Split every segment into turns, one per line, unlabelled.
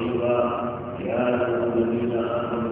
رقيبا يا أيها الذين آمنوا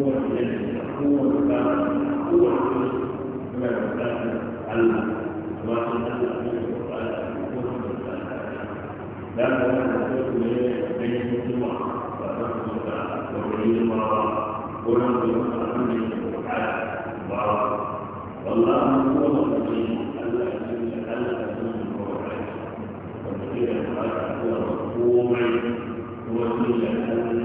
قوة قوة قوة من المكان علم وأن لا تكون بين الجمعة وتنصب وبين المرأة وننصب الحمد تعالى وعرض والله هو الذي ألا يكون ألا يكون الكفر والذي لا يكون هو الرسول هو الذي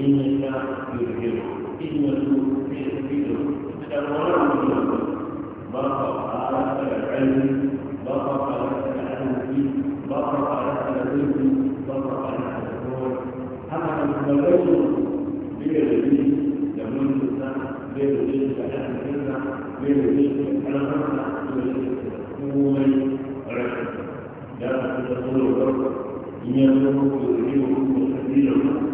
إن إنك يذكره إنه يذكره تدوران منه بقى على العلم بقى على العلم بقى على العلم بقى على الدور هذا التدور بيرجي لمن تسمع بيرجي كلام كذا بيرجي كلام كذا بيرجي كومي رشد لا تدور إنه يذكره إنه يذكره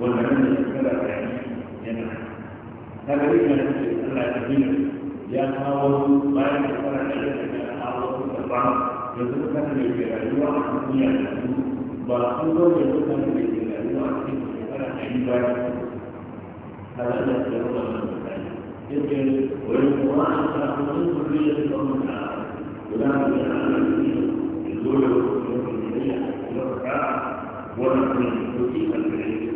والعمل السلف يعني جماعة هذا ليس ألا تهين يا قوم ما يكفر عليك أن الله تطعم يزكى من الجلال والحمية بلقوه يزكى من الجلال والحمية هذا لا يتجرب من يمكن ويقوم من كلية قوم تعالى ولا من العالمين الدولة والمدينة والرفاع والمدينة والمدينة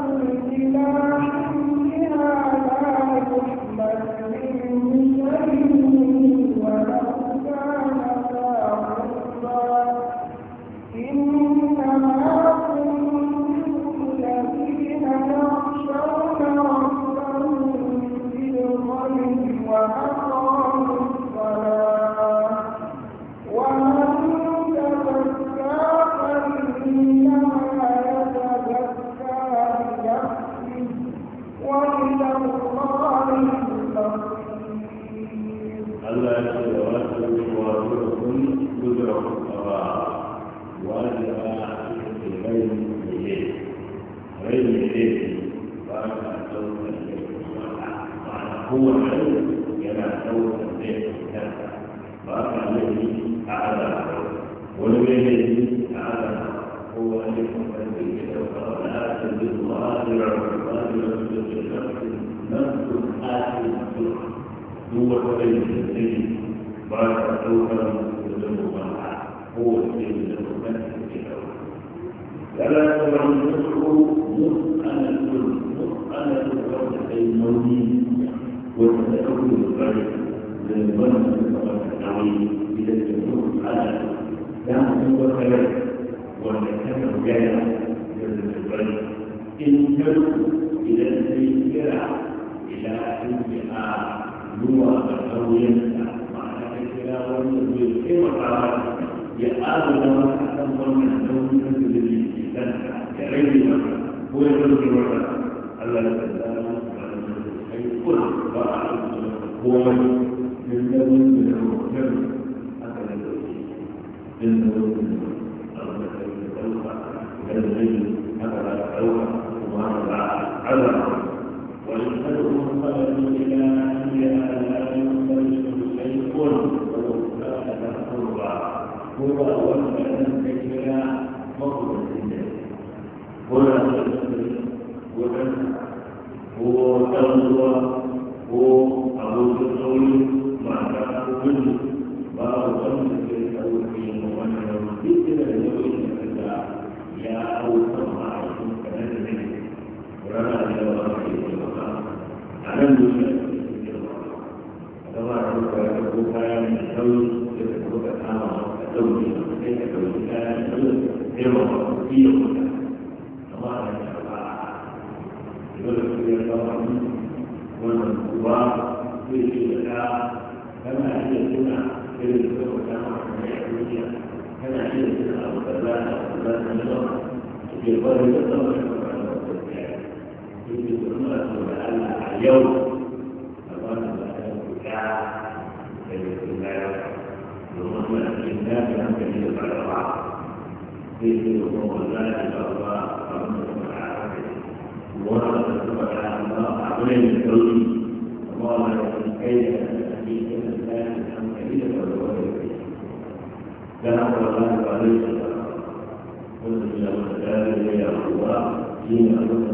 الظاهر الظاهر بشكل نفس حاكم هو الذي يسجد بعد توكل وذنوبا هو الذي يتمكن في فلا تدعوا الذكر مسألة مسألة الوقت المولي والتدخل الغيب للظن التعويض إذا الجمهور على لا هو كذلك ولا كان جاهلا للغيب انتبه إلى الفكرة إلى أنها نوع أولية معنى الفكرة والنبي كما قال يقال لما تحتمل من دون تدري لأنها كغير مرة هو يدري كل هو من دون تدري من دون تدري àwùjọ ń cewa kana iya tuna irin saboda mutane a duniya kana iya tuna abu da za a kula da yawa ke bari da tsawon shekaru da kwanciya yake kuma saboda Allah a yau a wani da ta fita da ya tuna ya domin na cikin dafi hankali da barawa zai ce da kuma wallahi da barawa a wani da kuma a hankali wani da kuma a hankali abu ne mai sauki amma wani da kuma kai da كان أول ذلك عليه السلام قلت إلى الله تعالى يا الله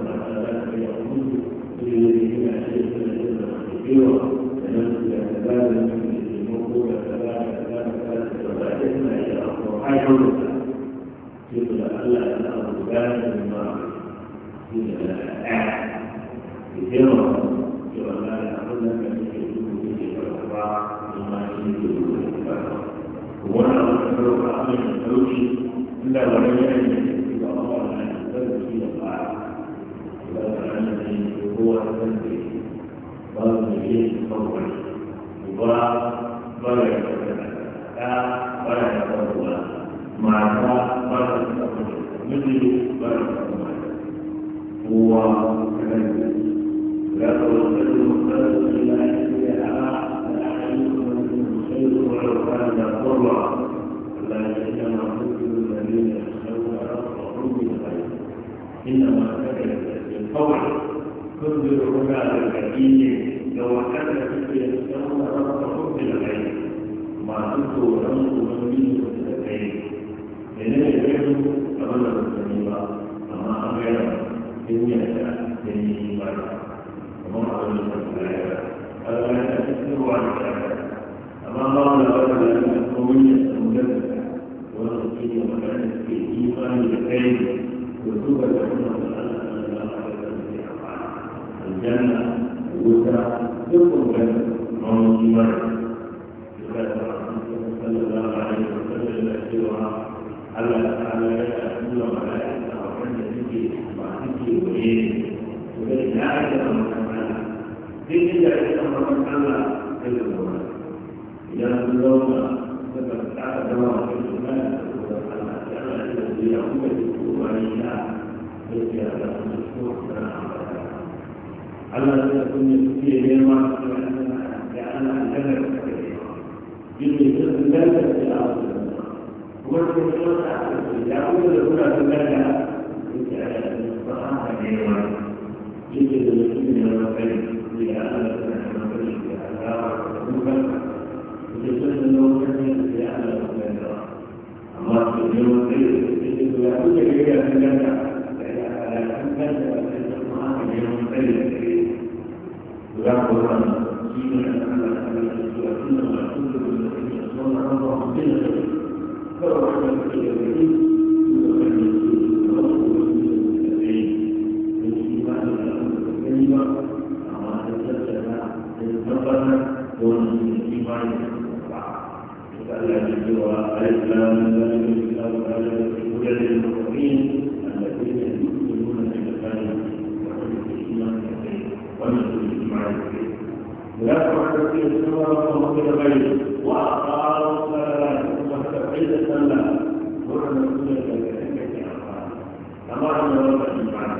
yanzu abin da ba su ba amma an gaira duniya da da yi ba amma abin da ba su gaira an gaira da cikin ruwa da gaira amma ba wani ba da gaira da kuma yi da sun gaira wanda su ne magana da suke yi ba ne da kai da su ga da kuma da Allah da Allah da Allah da Allah da Allah da Allah da Allah da Allah da Allah da Allah daidai لا تعتقد الصلاة ومغفر غيره وأقام الصلاة واستقيد الصلاة وأن كل ذلك كما أن رب الإيمان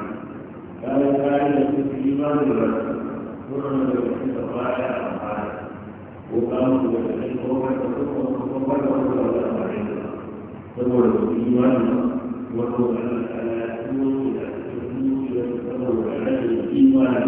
لا يزال في الإيمان الرسول وأن الرسول الله يعلم وقام بالتشهد وهو يتصرف الإيمان وهو على الأسود الأسود الأسود الإيمان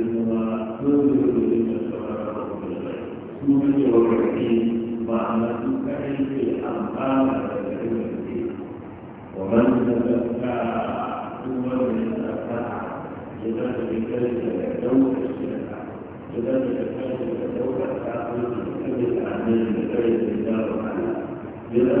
بلا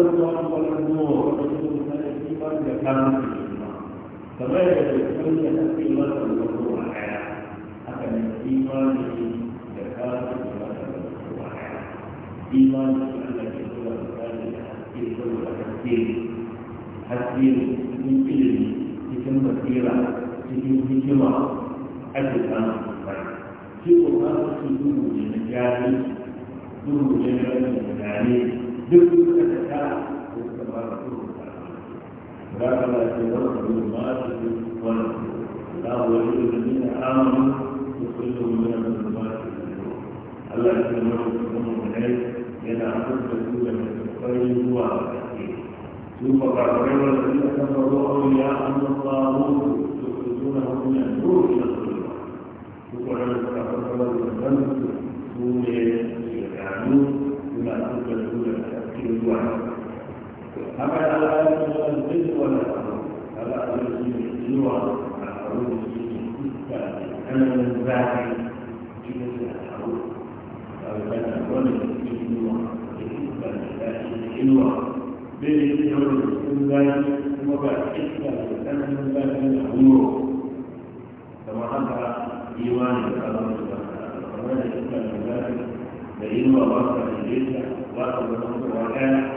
الله والنور رسول الله كان فبعد الكلية في الله والنور أكن الإيمان زكاة الله والنور إيمان أنك هو الثالث حتى هو الحسين حسين من علم حكم كثيرة حكم حكمة أجل أن تفعل في قرآن في دور النجاة دور النجاة duk suka da ta da suka ba da su da ka da ke wata da ma su da wani da wani da ne na amon da kullu mun da ma su Allah ya kuma kuma mun ne yana hukunta su da kai zuwa ke su ba ka kai wanda suka kafaru awliya Allah يخرجونهم من النور الى الظلمات يقول لك فقد ولوا الذنب دون يعلمون بما الوعد أما على أن القدر ولا على أن الجوع على حروف أنا من بعد جلس الحروف أو أنا ولد الجوع الجوع بالجوع بالله وبعد إحدى أنا من بعد الحروف كما حصل إيمان الله سبحانه وتعالى ومن إحدى من ذلك فإنه وصل إليك Yeah.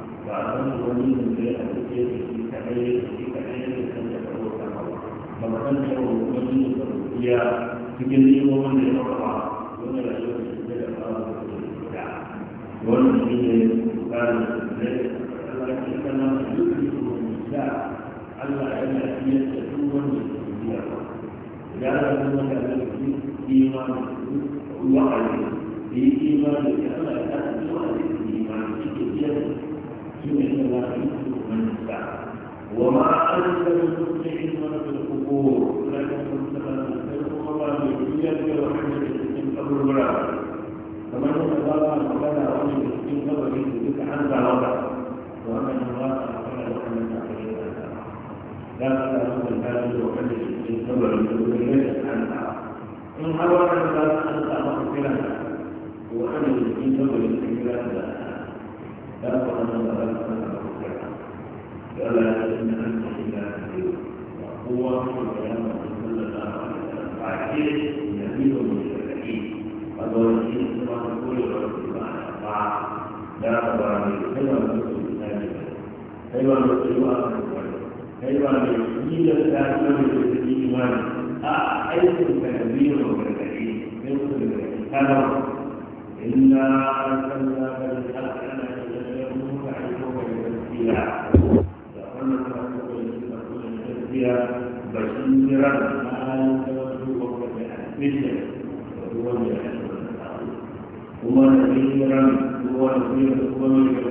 وعمل ولي من الكثير في تحرير في تحرير الخلق فمثل ولي الرؤيا تجلي ومن يقرا ومن لا يسجد والذي قال لكن كما يدرك النساء الا ان يستكون الدنيا لا يكون لك ايمان وعلم في ايمانك الا تاتي وعلم في ايمانك إنما يؤمن من يشاء وما أنت بمسلم من في القبور لكن مثلا تلقوا مبادئ بيدك وحدك من قبل البلاد فمن يتبارى مكان رجل من قبر يدك عن ذلك وأن الله أخبر وحدك عليه لا تتعلم الحاجة وحدك من قبر يدك عن ذلك إن هو أن الله أنت أخبر وحدك من قبر يدك عن ذلك لا قدر الله لك لا يجب ان تكون وهو كلام صلى الله عليه وسلم فاكيد نبي المشركين قد ورثين كما تقول الرسول على الطاعه لا قدر الله كما نقول ذلك كيف نقول كيف نقول الكافر بالايمان أحيث تنبيه المشركين مثل الكفر إنا أرسلنا بالحق عمران مثل هو من عمر بن عمران هو من هو من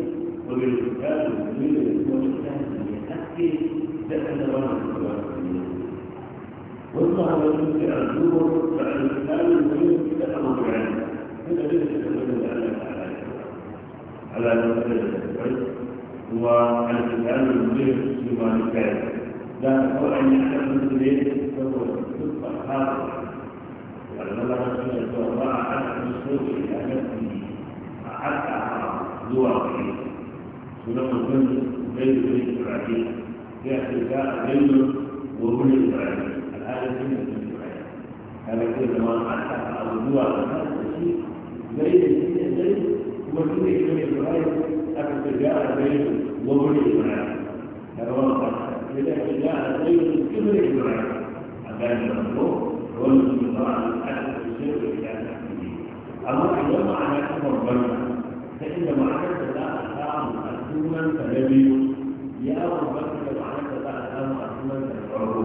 والرجال والمؤمنين والمؤمنات بالحق دخل رمضان والله يقول في الزور فالإسلام المؤمن دخل بالعلم هذا ليس يتمدد على على والإسلام المؤمن بما كان لا هو أن يحتفل به فهو صدق حاضر ولما رسول الله صلى الله عليه وسلم أحد نفسه ولما كنت بين بين إسرائيل يأتي جاء بين وبين إسرائيل الآية بين إسرائيل هذا كل ما أحدث أبوه هذا الشيء بين إسرائيل وبين إسرائيل أكثر جاء بين وبين إسرائيل هذا هو القصد إذا جاء بين كبر إسرائيل أبان المطلوب هو المسلم طبعا أكثر شيء إلى أما إذا ما عرفنا ربنا فإن معرفة الله أساء sunan ka na biyu ya bambanta da ma'anar da za a samu a sunan ka na farko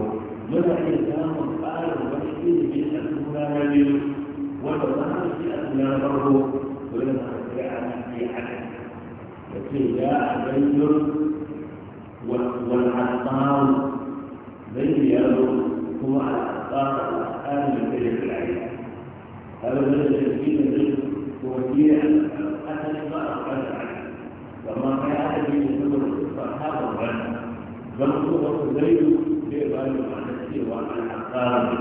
muna iya samun ƙarin wani ilimi a suna na biyu wanda za a ci a suna na farko dole na kai a ciki a kai da ce ya a gangar والأنصار زي يارو هو على أنصار الآن من تلك العيلة هذا الذي يجب هو هي أثر الله أدري من هذا الرجل لم تغرق الليل في غالب عن السير وعن الأقارب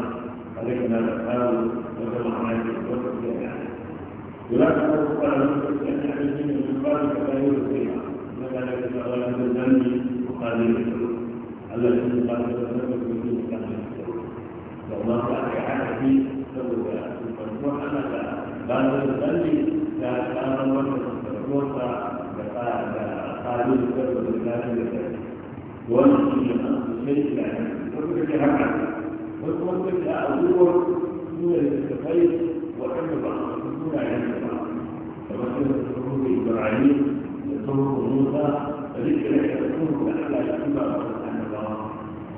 علينا الأقارب وجمع عليك ولا تقول قال لك أن أعلم من قال كما يرضي وذلك أولا بالذنب وقال الذي قال لك من قبل والله تعالى حاكي سوى وأنا لا بل الذنب لا كان وجه الوقت فقال قالوا ذكروا بالله ذكروا ونحن شيء لا وذكرت هكذا وذكرت أمور من الخير وحب بعض دون علم بعض كما كان الحروب إبراهيم الحروب موسى ذكر الحروب الأعلى لأنها سبحان الله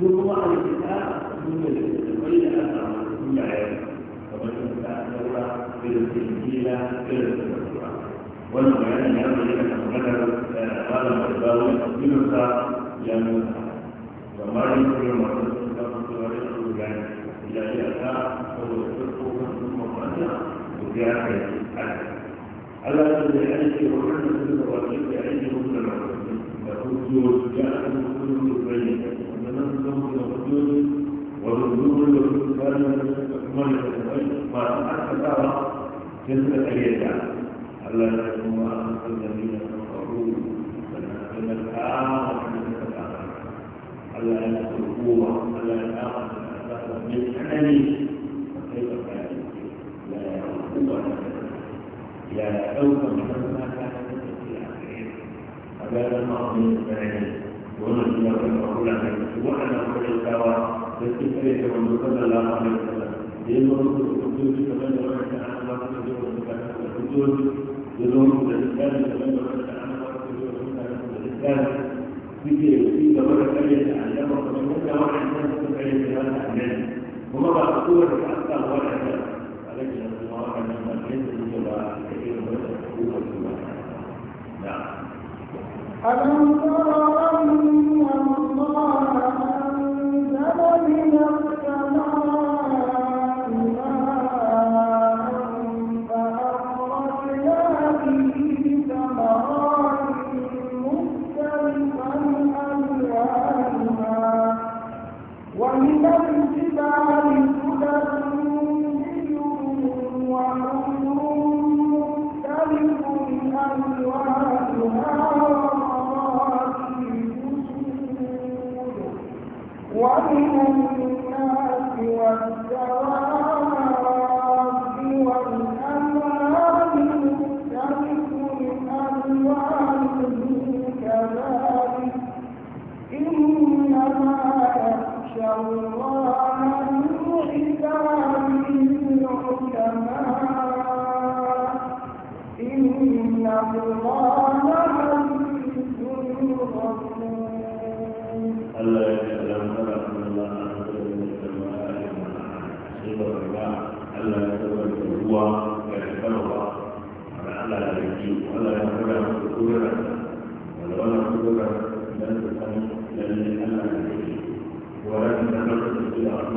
كل واحد منها من الخير أثر دون علم كما كان الأعلى إلى الإنجيل إلى التوحيد wannan bayanin ya zama yana kamar malam da zawo ya tafiyar sa ya nuna amma yin kuma masu sun kama su wani su gani ya yi a ta saboda su ko kan su mafana su ya kai haka Allah ya ce ya aiki wannan da suka wace ya aiki wannan da wasu da hujjoji ya aiki wannan da zai da nan sun zama da hujjoji والنور والكفار والمال والمال ما أحسن دعوة جنة أليتا ألا تكون أنت الذين كفروا بل أنتم الآخر ألا يكفروا ألا الآخر من أنني فكيف كان لا يعرفون لا سوف مهما كانت في آخرهم فبال الماضي الثاني ونزل الرسول وأنا أقول الدواء لكي يكون صلى الله عليه وسلم لأنه الرسول كمان وأنا أعلم أنه الرسول يدور بالإسلام يتبنى بالإسلام كان في في دولة ثانية تعلمها فمنها واحد منها تفعل ثلاثة أعمال وما بعد قوة حتى ولا أعمال ولكن الله أن المسلمين يجب كثير من الحقوق والسماح نعم
ألم ترى
هذا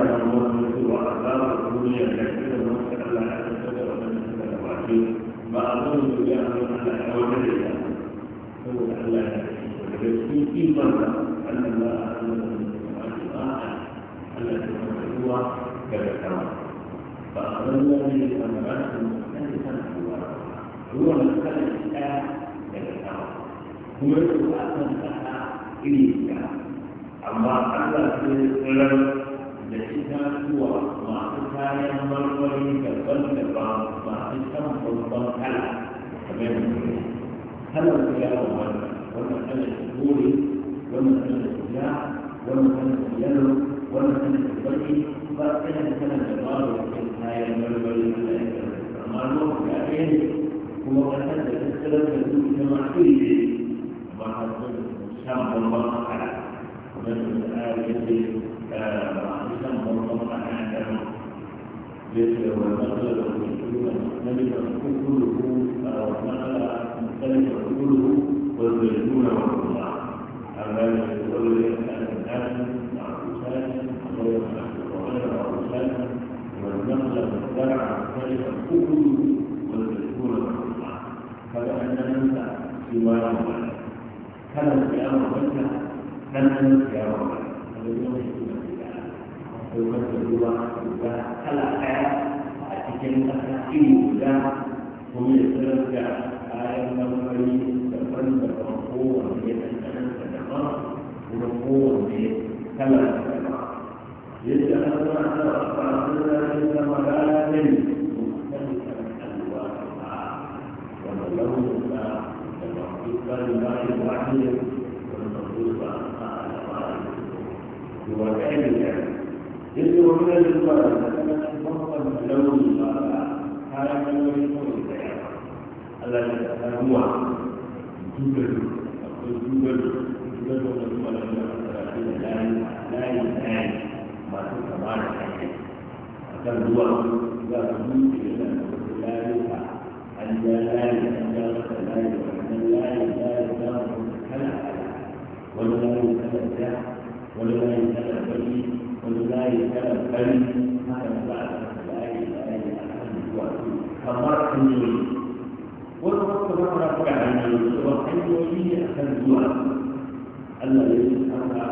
الموضوع الذي هو أخلاق الدنيا التي تمسك على هذا الشجر وتمسك الأواجيل ما أظن بالله من أن لا يوجد إلا هو أن لا يكون في مرة أن الله أعلم من السماوات الآخر التي تمسكها كذكرها فأخذنا به ثمرات مختلفة هو هو kuma da ba a san kasa iri ta amma Allah sai tsirar da itatuwa masu kayan marmari daban-daban masu kan babban kala kamar yadda kalar da yawon wannan wannan kalar da kore wannan kalar da ja wannan kalar da yalo wannan kalar da baki ba kalar da kalar da babu kayan marmari Allah ya tsirar amma lokacin da ya kuma kasar da tsirar da su ita ma iri وشمع الله تعالى ومثل الآية التي شمع الله تعالى عندهم ومثل مختلف كله ومثل مختلف كله والزيتون والرضاع أما يقول الناس معروسات وغير معروسات والنخل والزرع مختلف كله والزيتون والرضاع فلا أن ننسى سواه kada mu ya mu wanda dan dan mu ya mu wanda ne shi ne ko wanda ruwa da kala kaya a cikin kasa iri guda ko ne sarar da kayan marmari daban daban ko ya tantance da daban kuma ko ya kala daban yadda an zama ta a faɗin da ya zama ranar ne da ba wanda launin وكذلك جزء من الإنسان لكن فقط لون الفاتحة هذا من يكون الحياة الذي هو جبل الجبل الجبل والجبل الثلاثين لا ينتهي ما تسمى كان هو إذا كنت لا ينفع أن لا ينفع يرجع ولما يسأل البريء ولما يسأل البريء هذا بعد الآية الآية فمرحني والوقت مرة فعلني وحي ولي أخذ الوقت الذي يسأل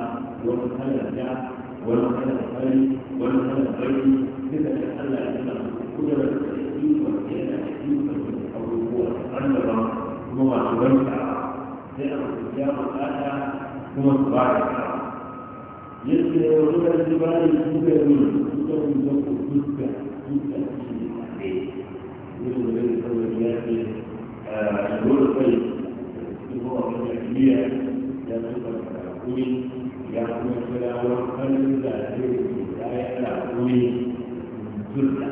وقت يرجع والخلق الخير والخلق الخير مثل ألا يعلم قدرة التحكيم والقيادة الحكيم أو القوة الأنبغة هو تبرع لأن الإسلام الآتى kuma su ba da kawo yadda ya wani ƙarfi ba ne su ga yi su ga yi da ku duka duka shi ne a ne wani da zai kawai ya ce a dole kai da su kuma wani jami'a ya su ka kakuri ya kuma kira wani kanin da zai yi da ya kakuri duka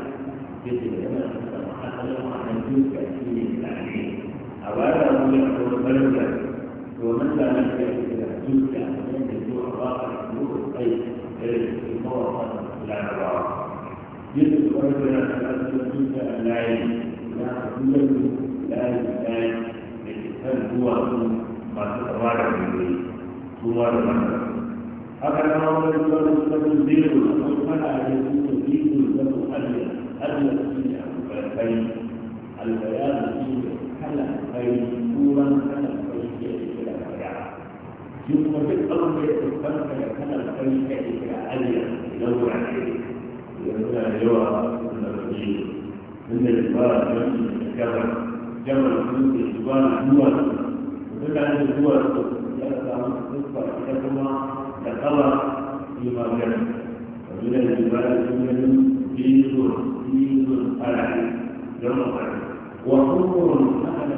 yadda yana da asalin ma'anar duka shi ne a ne a ba da wani ƙarfi ba ne domin da na kai تلك من يجوع الراحة يجوع الخير المرض إلى الراحة يجب الرجل أن يكون العين لا يجوز لا يجوز الإنسان هو ما تتوالى به هو المرض هكذا هو الرجل المستقيم ولا يجوز دين له أن أن يكون الخير البيان فيه هل خير نورا هل خير يمكن الأمر يتفهم كان الخير كذلك عليا لو عليه لأن يرى أن الرجل من الإخبار يمشي الكبر جمع الفلوس الجبال دول وكل عن الدول يسعى تصفى كتبها تقرأ فيما جمع ومن الجبال جمل جيز جيز على جمع وحمر أهلا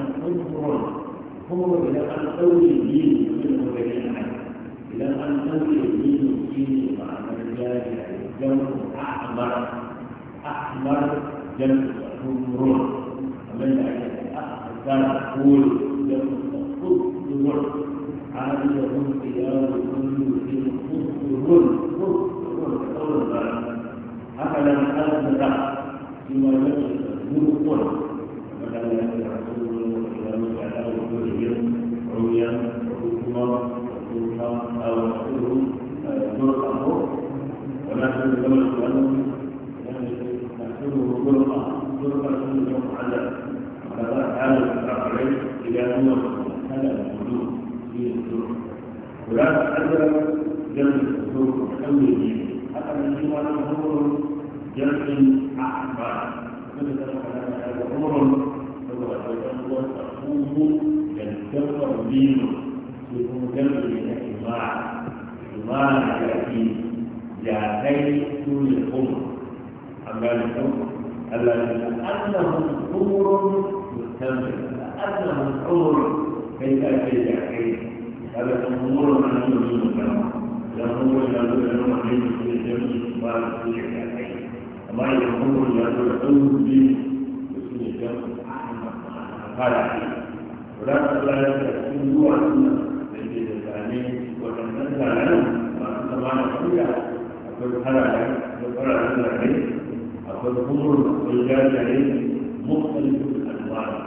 حمر هو إذا كان قوي الدين يكون بين إذا كان قوي الدين الدين مع الرجال الجو يعني أحمر أحمر جنب يعني حمر ومن أحمر حول جنب خضر عادلهم قيام كل في خضر خضر أفلم أذكر فيما يجب أن يكون فلا يجب وعلى وجوههم عميا وبكما وبكما أو نحوهم برقه ونحن نقول أنهم نحسبه برقه برقه يوم عذاب وكذا إذا هو هذا الموجود في السوق ولا تعذر جمع السوق وحمله هذا من جمع الأمور الوجوب يتذكر دينه يكون جنب من الجماعة جماعة يأتي جاهل دون الأمة أما الأمة الذي كأنهم حمر مستمر كأنهم حمر كيف أتي جاهل هذا حمر من دون الجماعة لهم ولا الجاهل أما ولكن لا يكون هو أن الذي يتعني وتنزل عنه وأن فِي فيها أقول حلال يقرأ عن العلم أقول حضور والجاد عليه مختلف الأنواع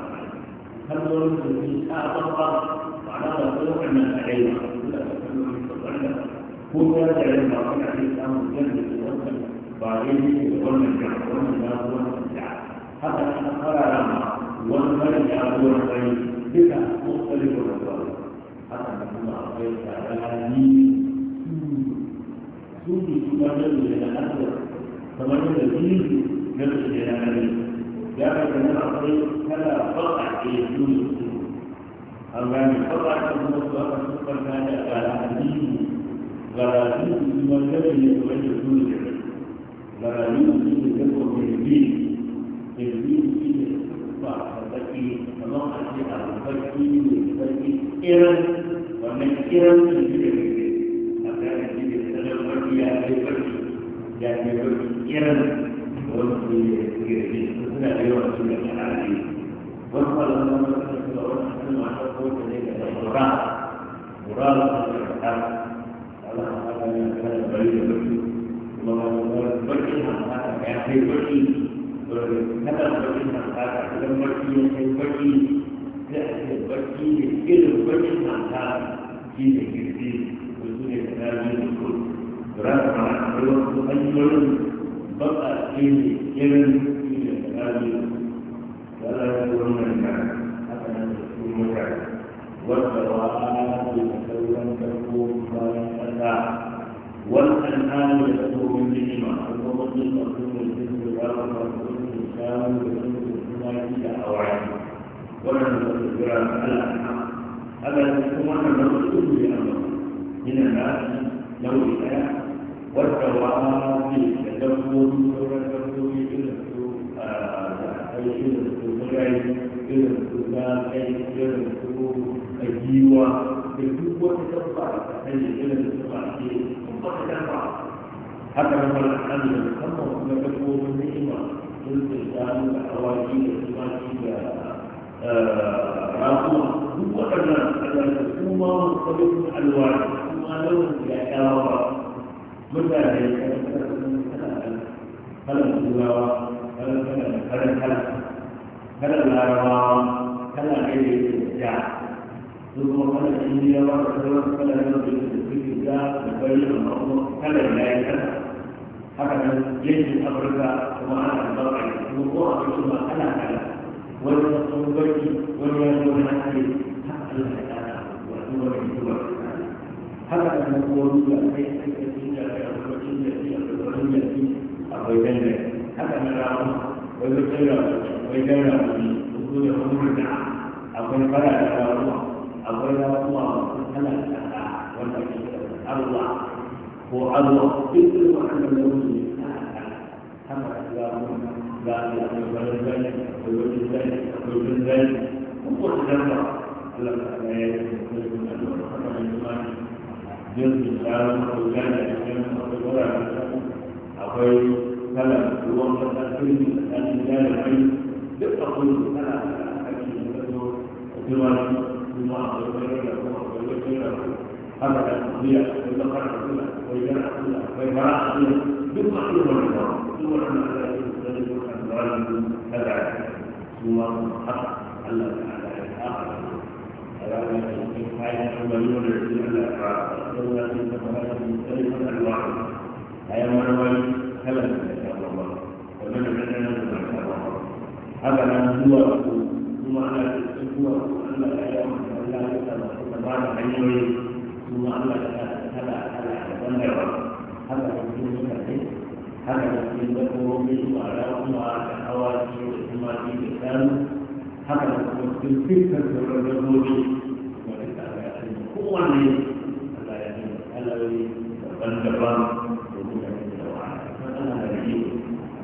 هل ورد في أعطى وعلى طرق من العلم هو جاد علم وكان عليه الأمر جنة الوزن بعدين يقول الجنة ومن لا هو هذا أنا قرأ والمرء يقول الغيب بدع مختلف الرسائل حتى نكون عارفين تعلمين سوق سوق الى الاخر فمن الذين نرجع الى الامل لا بد عارفين فلا فرع في الدنيا أو يعني فرع في المصدر سوق كان غرامين غرامين بما الذي يتوجه الدنيا غرامين في الجبر والدين الدين فيه الصفحة التي don a ce a mafarki ne mafarki irin wannan irin su ji da ke a kayan ji da ya ce farki ya ce farki irin wani su ne girbi suna da yawa su da kanari wani kwallon na mafarki su da wani sun masu kowace ne da mura mura da Allah ta hana ya kare bari da farki kuma ba su farki na haka dole na ɓarɓarin nan ta ta idan barci ya kai barci sai a ce barci ne irin barcin nan ta shi ne girbi da su ne ta yi da su ra da ma a kai wasu hanyoyin baƙaƙe ne irin shi ne ta yi da su da ala yi wannan na haka nan da su mutane wadda wa ana da sauran karko bayan ƙasa والأنعام يكون من نعمة ومن يكون اللهم اغفر للاسلام والمسلمين او عنه ولن نغفر الارحام هذا الكفر مغفور بامر من الناس نوعها والدواء في التدبر والتدبر الى الى السجاير الى السجاير الى السجاير الجيوه بالقوه تتبع الى السجاير ثم تتبع حتى لما الحمد لله ما تكون من النعمة قلت الآن الحواجين السماكية راقوة هو أن أن تكون مختلف الألوان ثم لون يتراوى متى هل الزلاوة هل هل هل هل هل الأرواح هل غير الإبداع ثم قال إني أرى رسولا فلا يرضي في الله نبين الأمر فلا لا يكره هكذا يجب أمرك ومعنى الضرع وقوع ثم أنا كلا ولتصوم بيتي وليزور نحري حتى لا يتعالى وأتوب من دور هكذا نقول لك أي حاجة في الرجل في الرجل في الرجل هكذا نراه ويذكر ويجرى به وجود أمور الدعاء أو كان فلا يتعالى akwai na kuma masu kanan kasa wanda ke arwa ko arwa duk da wannan lauyi ne kama ga ga ga wani gani ko wani gani ko wani gani ko ko da ba Allah ta ya yi ko da wannan imani jirgin tsarin ko gani da gani ko wuraren akwai kalan ruwan kasa turmi da ɗan gani duk akwai kalan da ake yi da zo الله ويغير له ويغير له أبدا أقضية ويذكر عقولة ويجرى عقولة ويجرى عقولة بما حلم الله ثم أن لا يستجيب عن ظالم تبع ثم حق الله تعالى الآخر ألا يستحيل عمليون الذين لا يفعلون في ثمرات مختلفة أنواع أي منوال هلك إن شاء الله ومن عندنا إن شاء الله هذا هو ثم أنا هو أن لا يوم ayyuka masu zama da hanyoyi kuma Allah ya sa ta kala kala daban daban haka da cikin mutane haka da cikin dabbobi da raƙuma da awaki da tumaki da shanu haka da kuma cikin dukkan sauran dabbobi wanda ta ga shi kowanne Allah ya yi kalari daban daban da mutane da wahala matsala da riyo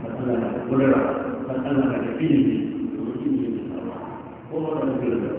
matsala da kudura matsala da ilimi to ilimi da tsawa ko matsala da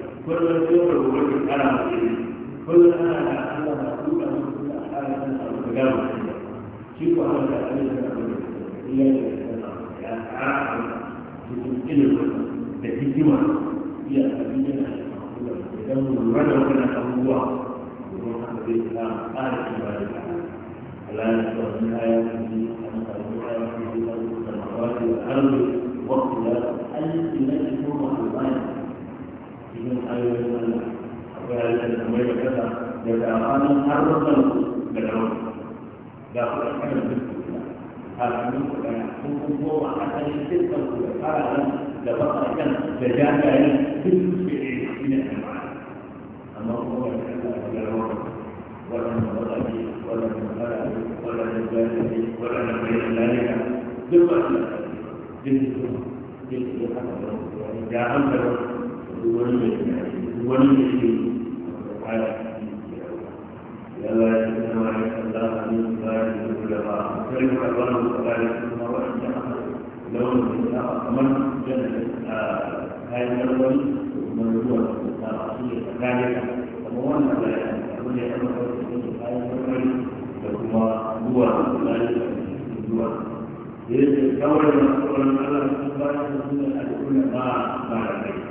kullum sai ka rubuta ka kara mace ne kullum ana da Allah na duka mutum da Allah na samu ka gama shi ko Allah da Allah na samu ka iya da ka samu ya kara mace cikin ilimin da hikima iya tafi da na idan mu lura wannan abubuwa domin haka zai samu ƙara ibada da Allah ya sa wani kaya kuma an samu kaya kuma an samu samawati da arzu wakilatu an yi na cikin mahalmani من أيضا وذلك الأمير كذا يتعامل حرصا بالعون داخل أحكام الدكتور هذا من كلها حكم هو حتى يستلقى هذا لبقى كان لجاء كل شيء من الأنواع أما هو يتعامل بالعون ولا مبالغة ولا مبالغة ولا مبالغة ولا مبالغة ذكر بالذكر بالذكر جاء أمر يجب كون مسؤول الأمر من الأدعون ما ما لديه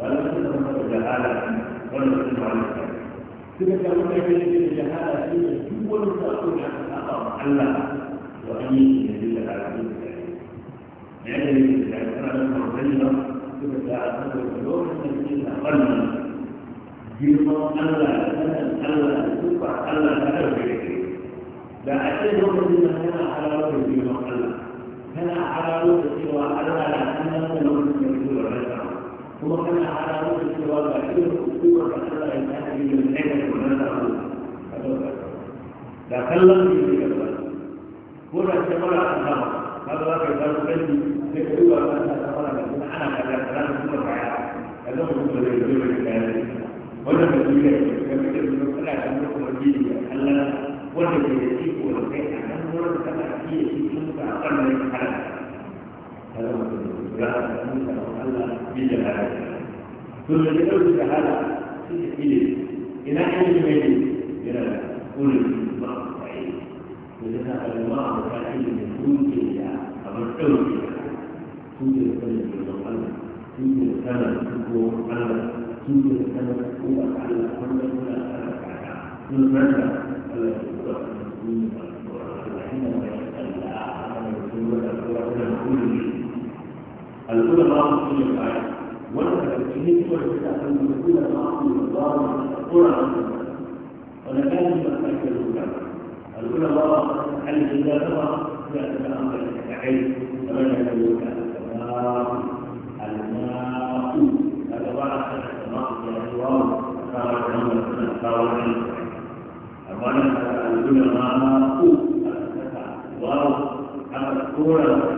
ولم تتمسك بجهالة ولم تتمسك عليها تلك المتكلمة بجهالة هي دول تأخذ عن الأمر الله وأن يدل على كل ذلك يعني الإنسان على المرتبة تلك الأمر اليوم الذين قلنا جيرما الله سنن الله سبع الله تأخذ لا أشهد الذين كان على وجه جيرما الله كان على وجه سوى الله لأنه لم يكن يقول عليه وكان على وجه الوضع كل خطوره على الذهب من العلم والنذر تكلم في الكلام هنا استمر الامر هذا لك الكلام الذي تكتبه ان تتفرج انا كذا كلام كل حياه كلام كل الكلام ولا بديهية كما يقول فلا تملك بديهية ألا ولا بديهية ولا بديهية أنا ولا بديهية في كل أقل من الحالات هذا ما تقول لا أنت أن بجهالة ثم تقول بجهالة إلى إلى أين الميت إلى قل الله تعالى وجدنا الله تعالى من كل إلى أمر كل كل سنة الله كل سنة هو الله كل سنة هو الله كل سنة هو الله كل سنة هو الله العلماء في الآية والتفكير هو الكتاب من العلماء في الضارة القرى ولا كان يتأكد العلماء العلماء هل إذا ترى ذات الأمر العلم فمن يدعوك الماء الماء هذا بعد الماء في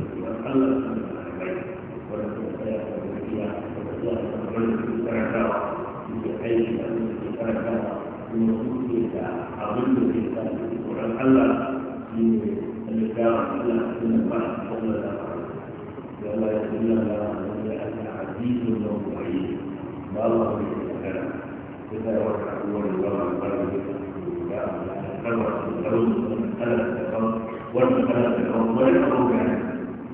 Allah su ne kai wanda suka tsaya a gaskiya da zuwa da kamar da suke karantawa suke aiki da suke karantawa kuma suke da abin da zai sa da tsoron Allah shi ne da ba. da wani da aka da wani wani da magana. da wata abubuwan da ba da ya karwa da launin da kalar da kawo wannan da kawo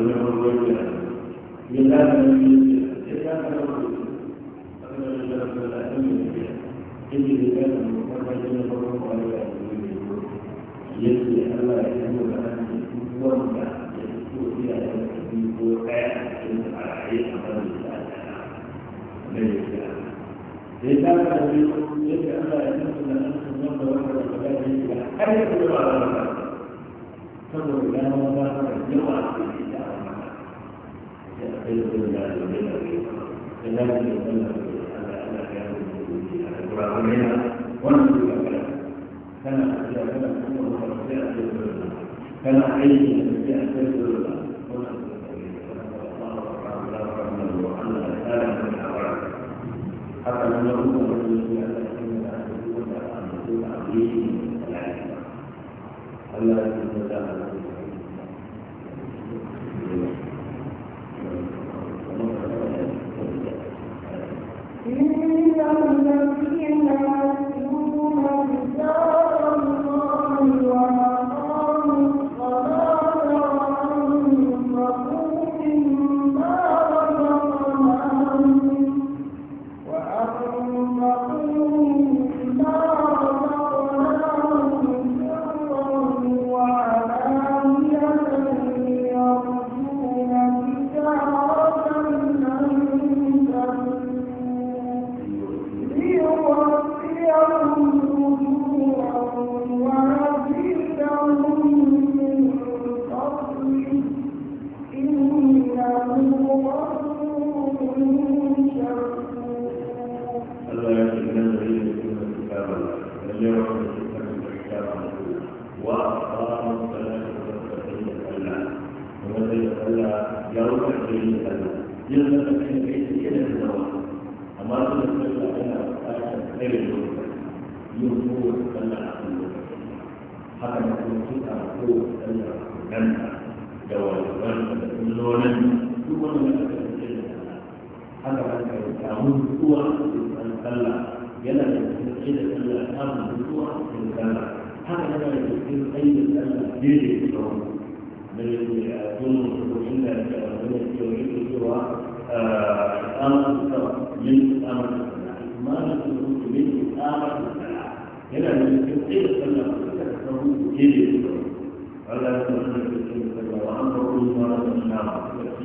من الرجال بلا نبي kana aiki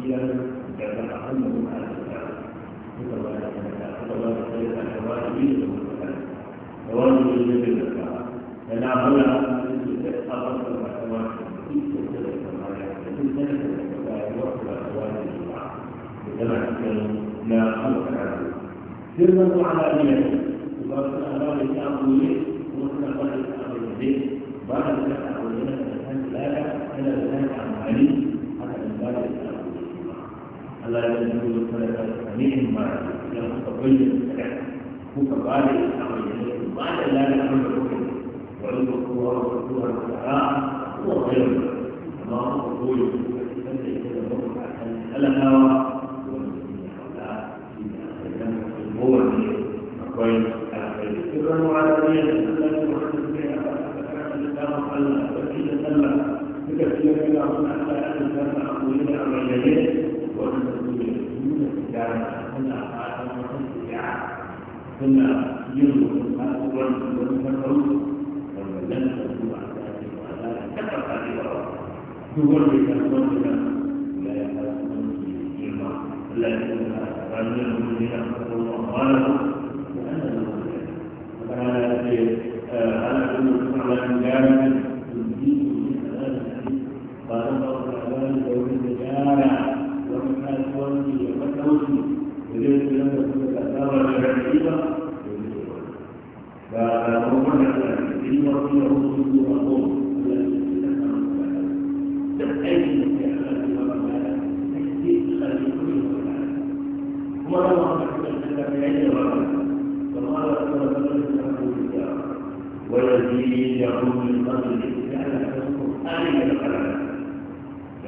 gaskiyar da ba a hannun mu a cikin suka ba da sadaka suka ba da sadaka da ba da biyu da mutum da wani biyu da biyu da ka da na hana su da abin da ba ta ma su da su da ta ma ya da su da ta da ba ya wa ba ta wa da su ba da tana cikin na hana ka da su sun zama ala biya su ba su na ba da ta amuri kuma suna ba da ta amuri ba da ta amuri na da ta lada yana da ta amfani haka da ba da ta amuri ألا يجوز الصدقة منهما لم تقل الصدقة فقال الأمر بعد لا الأمر وعلم القوة والقوة والسعاء هو خير أما قبول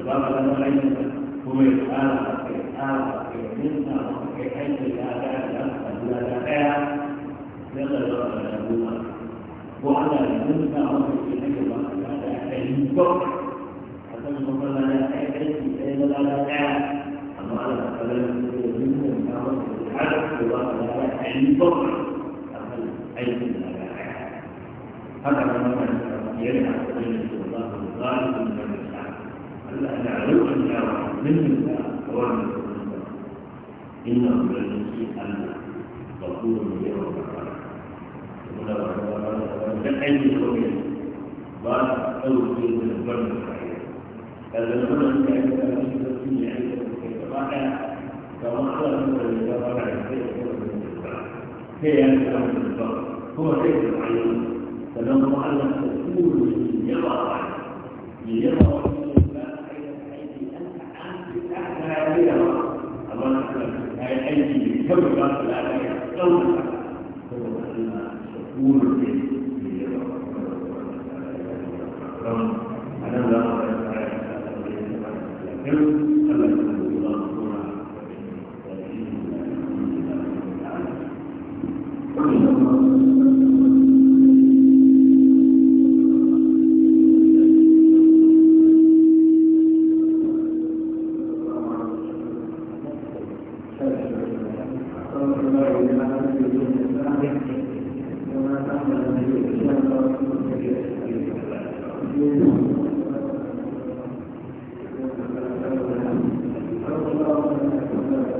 وما له علم هو يتعالى يتعالى يمنع بحيث لا تعلم لا تعلم يقدر يقوم وعلى يمنع بحيث لا تعلم حتى يقول لا تعلم إلا لا تعلم أما على فلم يمنع بحيث لا تعلم علم لا تعلم هذا ما يلعب بين الله والغالب من لو أن منك أوامر إنه الذي أن غفور يوم فالأي قوية بعد أول شيء من البر هذا الأمر أن يعرف أن يكون يعرف كيف وقع كما قال الذي وقع هي الأمر البر هو شيء معين فلو أن تكون يضع يضع lafiya ba amma na kan kai aiki ne kawai ba su lafiya tsawon ka saboda Allah shakuru ne ne ya ba a nan za mu ga tsara da tsara da tsara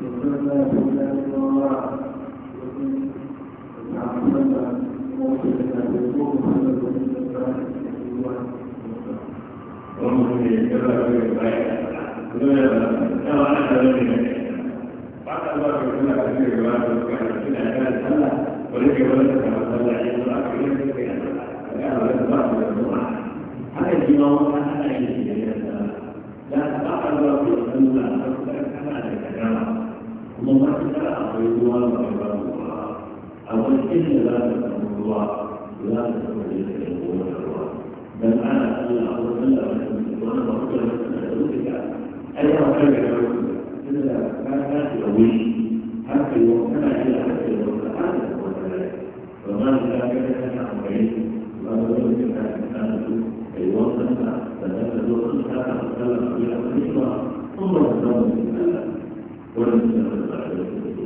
现在不干了，如今我打算过去干点副业。现在，我过去干点副业，为了将来有准备。为了将来有准备，发展到有副业，有副业发展起来，将来我这个儿子能够养活自己。将来我这个儿子能够养活自己，他能够干他自己的事业了。将来他能够有副业了，将来他能够养活自己了。kuma matuƙar akwai ruwa mai ba ruwa a wajen da za ta samu ruwa za ta samu da yake da ruwa ruwa dan ana tsalla a wajen da wani mafiyar da rubuta ai ya wata da ya rubuta tunda da ka tashi da wuri har ka yi wa kana yi a kasar da wata har da wata rai ba ma da ka ga ta na amfani ba da wani da ka ta da su kai wannan da da zo sun ta ta tsalla a wani ba kuma da zama ولم يكن بعد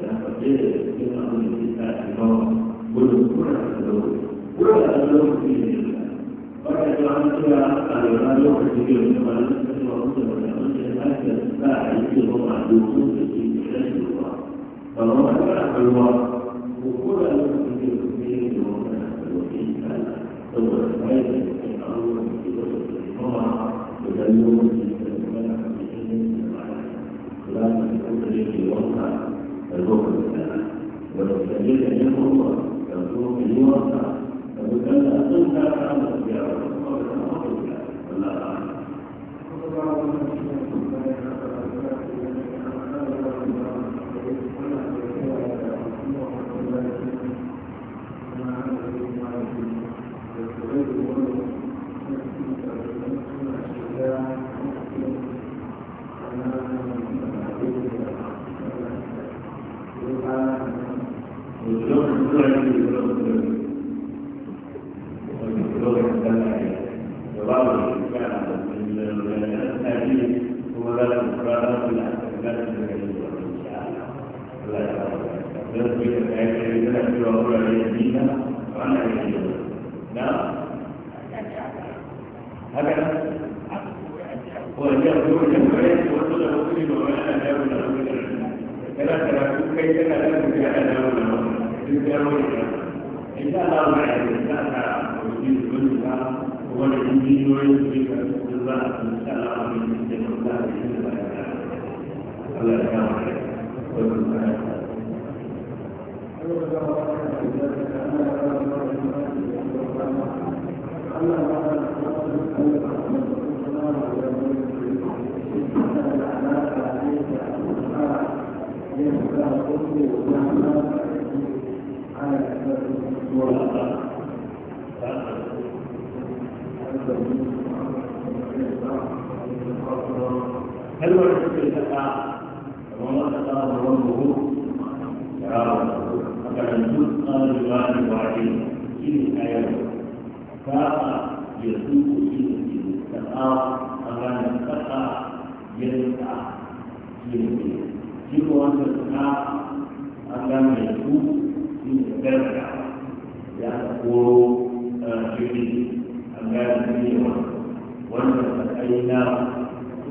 ذلك من أمر الكتاب الله ولم على ما ẹ̀yẹ́ ẹ̀yẹ́ kọ̀ọ̀kan ẹ̀kọ́ ẹ̀yẹ́ ọ̀sán. kalmar da suke saka kamar wata tsara wani buhu da rawa a karantu tsarin wani wani shi ne kayan kafa ya zuku shi ne ke saka a ranar saka ya zuka shi ne ke shi ko wanda saka a ranar ya zuku eh, shi ne karka ya koro shi ne a ranar ne wanda saka yi na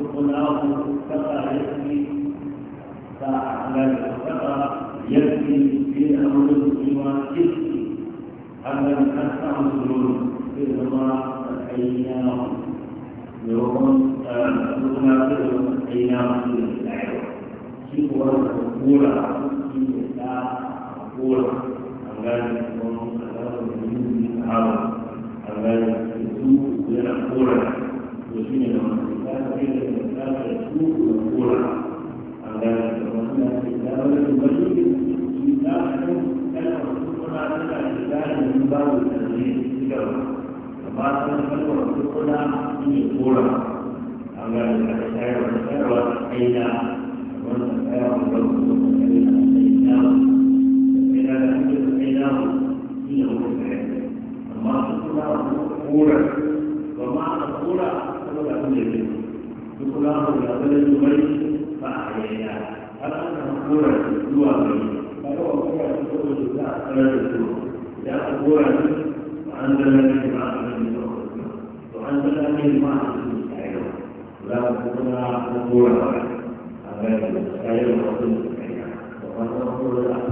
يقناه كفى يكفي فأعلم كفى يكفي في أمر ويكفي أما أكثر الظلم في الرضا أحييناه يوم منافق أحييناه في الأعلى شيء مقبوله الأولى شيء الأولى أمام يكون أكثر من الأعلى أمام يكون الأولى وشيء وما نقول الله لبلد الميت فأحييناه هل أنت مقبولة الدعاء الميت فلو أقول تقول لا فلد الدعاء إذا مقبولة وأنزل به مع من وأنزل به مع لا تكون مقبولة هذا
يقول وأنت